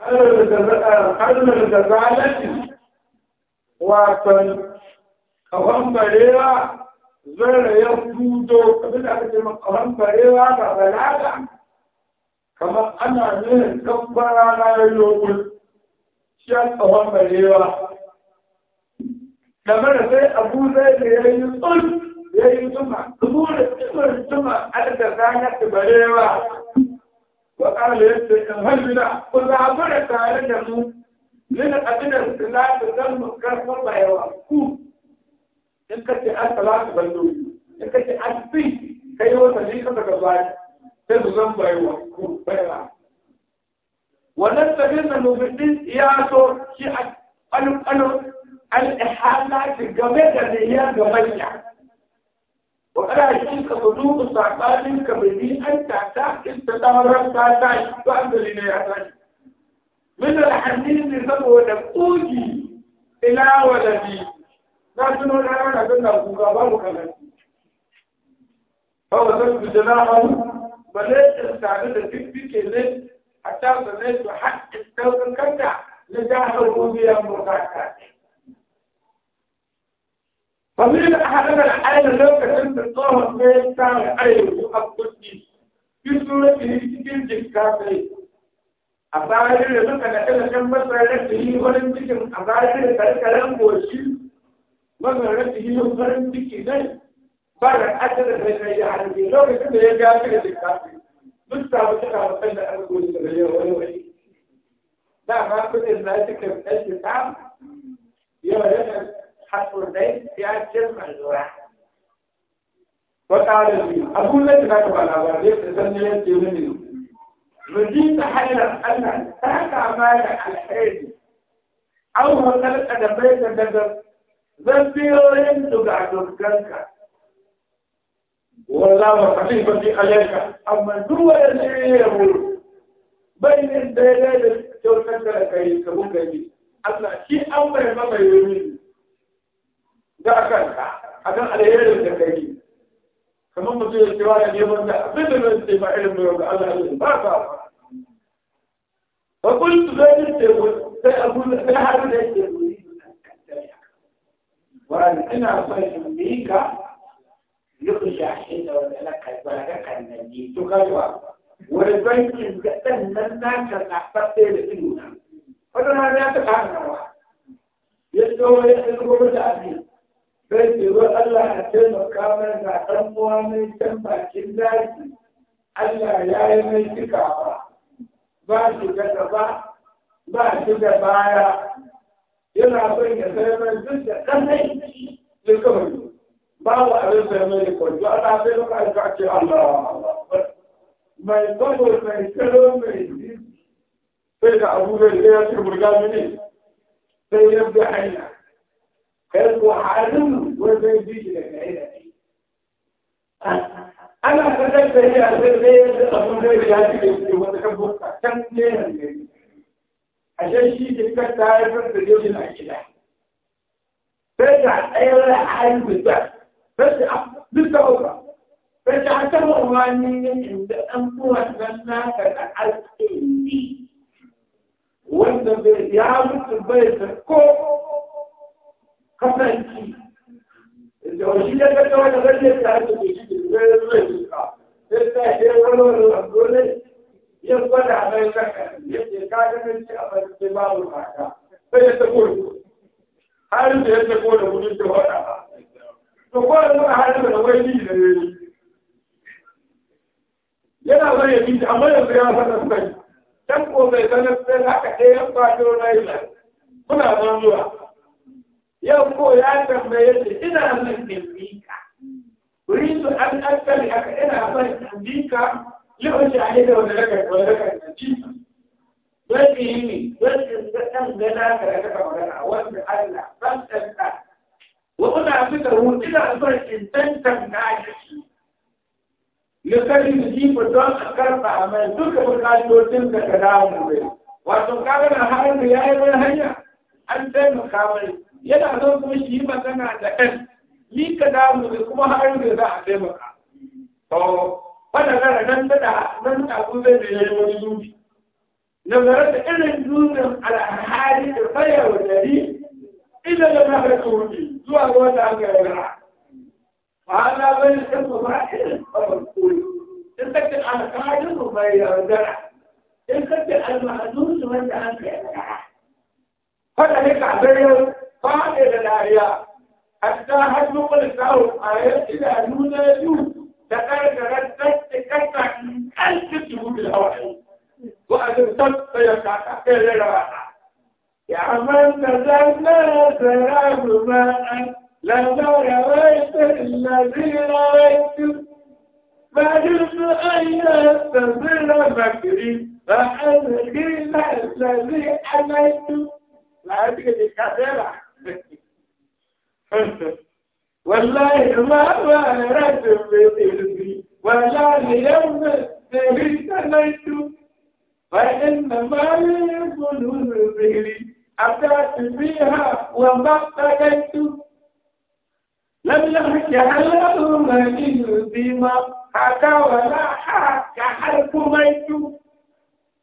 kalmar da zalunci wasan kawan barewa zara ya kudo abin da aka ce ma kawan barewa ga balaga kamar ana nuna kabbara na yayyokul shi a kawan barewa game da sai abu zai da ya yi tsul ya yi zuma zuwa da tsimar zuma a da zanen barewa وقال يسأل هل بنا قلنا عبر تعالى جمو من أدنى الصلاة تزال مذكر والله يوافقون إن كنت الصلاة بلدوي إن كنت أسبي كي هو صديقة كبار تزال بيوافقون بيوافقون ونستغل المبتدئ يعصر شيء الإحالات الجميلة اللي هي جميلة وأنا أشوفك صدوق السعقال كبدي أنت تحكم تتهرب ساعتين وأنت لنا يا من الحنين لزم ودقوجي إلى ولدي لكن أنا أنا أنا أقول لك فهو ذلك جناحه بلد استعمل في فيك لك حتى بلد حق التوقع كنت لجاه الربوبية المرتاحة فمن أحدنا الآن لو كنت الله في كان أيه يقصدني في سورة الهجين جكاتي أبارك لو كان أنا كم بسرعة فيه ولم تكن أبارك لو كلام بوشي مثلا فيه ولم تكن بعد أجل هذا يعني لو كنت يجاك جكاتي مستعد تكاد أن أقول لك ولا ولا لا ما كنت لا تكن أجل تعب يا رجل حرف الزين في أجل منزورة وقال لي أقول لك لا تبقى الأول ليس تسمي الجنين مجيت حيلا أن تحكى مالك الحيدي أو هتلك أدبيت الدقر ذنبيرين تقع تذكرك والله خليفتي عليك أما دول الزين بين الدلال تذكرك كيف كبوك الله شيء أمر ما يريد da a kanka a kan alherin da ka yi kamar mutum ya kira ya neman da abin da zai ce ba irin mai wanda Allah ya ba ka ba ba kun su zai ce sai abu sai har da yake wani ina son in bi ka yuku shahin da wanda na karɓa da kan nan ne to kajuwa wani bankin ga ɗan nan na ka zaɓaɓɓe da ido na wata rana ya taɓa hannawa ya tsawo ya tsawo da abin zai tsoro Allah a taimaka mai na ɗan uwa mai can bakin daji Allah ya yi mai cikawa ba shi ga gaba ba shi da baya yana son ya sai mai duk da kanai ya kawai ba wa abin sai mai da kwanci ana sai da kai ka ce Allah mai kwano mai kalo mai sai da abubuwan da ya ce burga mini sai ya bi hanya كانت وحالم وزي بيجي لك هنا أنا كتبت هي أسير ليه أقول ليه بهذه الأسئلة وتكبر كم ليه عشان شيء تلك تعرف تجوز الأكيدة فرجع أيضا حالم بالذات فرجع لسه أخرى فرجع تمرني عند أنفوها لما تتعلق إني وأنت بيعمل في البيت الكوب kasance da wani ya ga wani rage ta da shi da zai ka sai ta yi wani wani dole ya gwada mai kaka ya ce ka ga ce a barci babu haka sai ya tako da har da ya tako da gudun da wada to ko da muka hada da wani da yi. yana zai yi amma yanzu ya sanar sai dan ko bai sanar sai haka ɗaya ba ta wani kuna zan zuwa yau ko ya tambaye shi ina son in ka uridu an akali aka ina son in bi ka lihun shahida wanda daga wanda daga nabi don ki yi ne don ki ga ɗan gana ka da daga magana wanda Allah ban tsanta wa kuna fita hu ina son in tantanta shi Yukari da jifa don a karfa mai duka bukatocin da ka damu mai. Wato kaga na harin da ya yi wani hanya an taimaka mai yana zo kuma shi magana da ɗan ni ka damu da kuma har da za a taimaka to fadagara nan da nan da abu zai da yi wani zubi nazarar da irin dutsen alhali da fayar dari ina da na ga kuri zuwa ga wanda aka yarda Ba ala bai san ba kuma irin babban kuri in kake alhali ko bai yarda in kake almahzun wanda aka yarda fada ne ka bayyana kariya hatta har nukul kawo a yar idanu na biyu ta karkarar tattu kasa kalci tuhu bil hawaii ko a zai tattu ya kaka kai rera wata ya man da zan na zara ma'an لو رويت الذي رويت ما جئت أن يستمر مكري فأبغي الذي أميت لا أدري كثيرا والله ما غيرت بقلبي ولا ليوم تبتليت وإنما ليكون ذهلي أتات بها وما ابتليت لم يحك اللهم إني ما حكى ولا حكى حرف ميت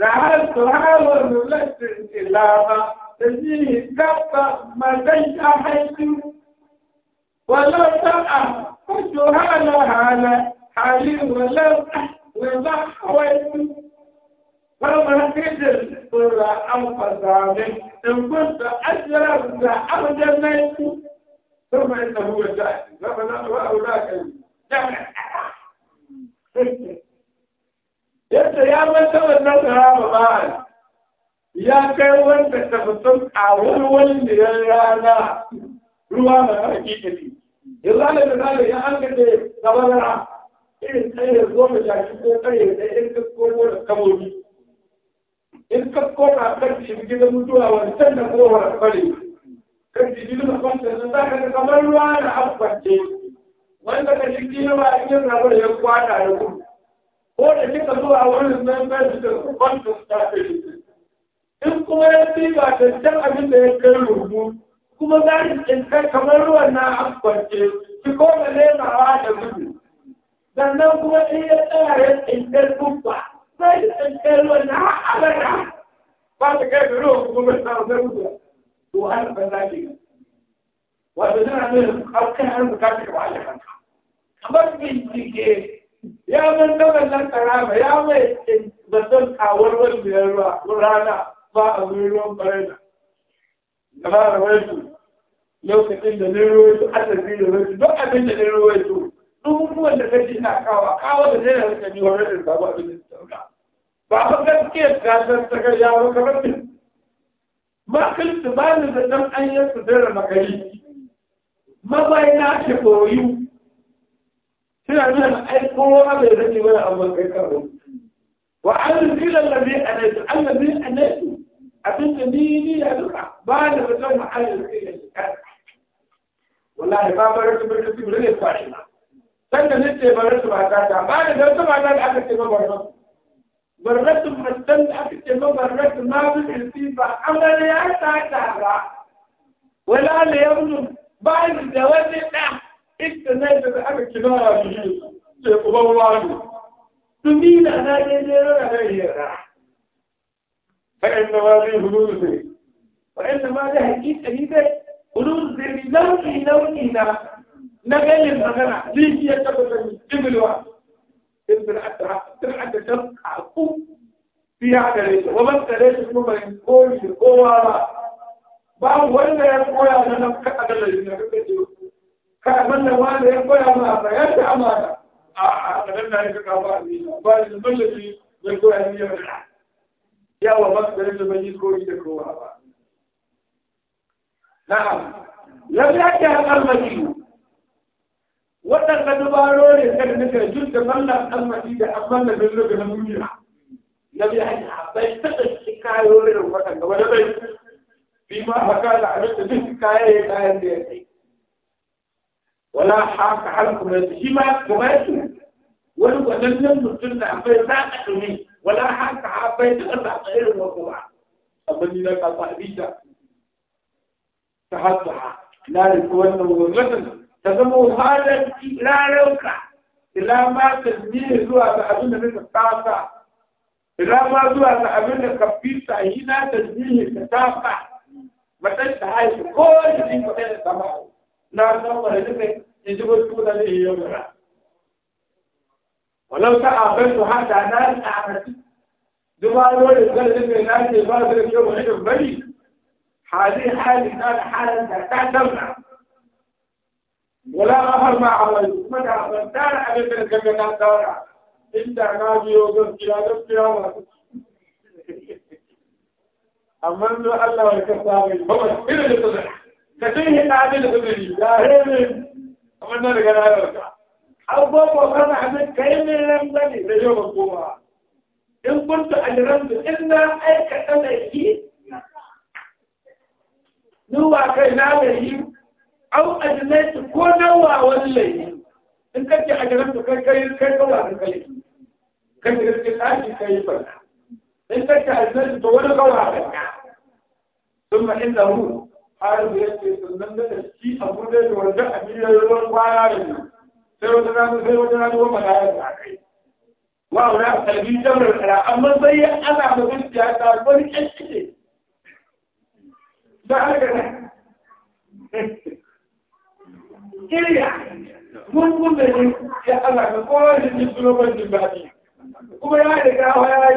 ذهبت هاون لست إلا ما تجيه كفا ما زي حيث ولو تقع فسهال على حالي ولو وما فما تدر ولا أنفس عليك إن كنت أجرمت أو جنيت ثم إنه جاهل فمن وأولاك جمع yadda ya mata wannan rama ba ya kai wanda ta fitum a wani wani rana ruwa na hakikati yanzu da zalim ya an da tabara irin tsaye goma sha shi ko tsaye da in ka komo da kamobi in ka koma kan shirgin mutuwa wancan da kowar kwale kan shirgin da kwanta sun za ka kamar ruwa na abubuwance wanda ka shirgin na ba yi yin rabar ya kwata da ku ko da kika zuwa wurin nan ba shi da kwanta ta fi in kuma ya ci ba da can abin da ya kai rubutu kuma za ki kinka kamar ruwan na akwance ki koma lemawa da gudu sannan kuma in ya tsaya ya tsinkar kubba sai ki tsinkar ruwan na abada ba ta kai da ruwan kuma ba ta zai gudu to har ban za ki wato tana nuna kawai har bukata ka ba da kanka kamar bincike ya man daban nan karama ya mai zaton kawar wani biyar rana ba a wurin ruwan barena. Gaba da wani lokacin da na ruwaito Allah zai ruwaito duk abin da na ruwaito abubuwan da kaji na kawa kawo da zai rika ni wani da samu abin da sauka ba ba gaskiya ta san ta ga yawo kamar din ma kalta ba ni da dan an yi su da magari ma bai na shi koyu suna nuna ai kowa bai zai wani abu kai karo wa an kila ladhi anaitu allazi anaitu abin da ni ni ya duka ba da mutum ma'alil kai wallahi ba barin su barin su ne kwashi na san da nace barin su ba ta ta ba da dan su ba da aka ce ba barin barin su mutan da aka ce ba barin su ma bi irsi ba amara ya ta ta ba wala la yamnu ba da wani da ita ne da aka ce ba shi ce ku ba wani tumila na ne ne ra ra ya فإنما ذي هلوسه وإنما ذي حقيقة هيبة gudun zirgi nau'i nau'i na na ganin magana rijiyar ta kusan jibilwa in zir'ad da ta kaku fiya gare shi wabar gare shi kuma bai koyi shi kowa ba babu wanda ya koya na nan ka a galari na kaka ce ka a wannan wanda ya koya ma ba ya ta amana a a kadan na ya kaka ba ni ba ni da mallaci zai koya ni ya mana yawa ba su gare shi bai yi koyi da kowa ba نعم لم يأتها المجيء waɗanda dabarori kan nuka jirga mallan almasi da amman da zirga na duniya na bi hajji bai taɓa shi kayorin waɗanda wani bai bi ma haka da abin da duk kayaye kayan da ya kai wala haka har kuma yadda shi ma kuma yadda wani waɗannan mutum da bai za a ɗumi wala haka bai taɓa zaɓa irin wa kuma abin da ka faɗi ta تحطها لا لكونه والرسل تزموا هذا لا لوكا إلا ما تزميه زوا تأبين من الطاقة إلا ما زوا تأبين الكبيرة هنا تزميه ما متى هاي كل شيء متى تسمعه لا نور لك يجب تقول لي يوم ولو تعبت حتى ناس أعمل دبا لو يزال لك ناس يبادر يوم عيد بريد هذه حالة كان حالة زكاة دمنا ولا أهل ما عمل ما تعمل تارا أبي تركب لنا تارا إن دعنا بيوغس كلا نفسي أما أن الله يكسابي هو كل اللي طلع كتيه تعمل خبري لا هيمن أما أن رجعنا رجع أبوه وأنا عمل كلمة لم تني اليوم الجمعة إن كنت أجرمت إلا أي كتلة kai na layi au ajnaitu ko nawa wallahi in kace ajnaitu kai kai kai kawai kai kai da cikin ɗaki kai barka in kace ajnaitu to wani kawai barka ثم إنه حارب يأتي سنن ده شيء أبو ده ورجع أمير يقول قارن سيرتنا سيرتنا هو ملاك عقيد وأنا أبي جمر الحلا أما زي أنا أبغى أشتري هذا بني أشتري ده أنا Kiriya, mun kuma ne ya Allah ga kowa da jin sunoban jin kuma ya riga ya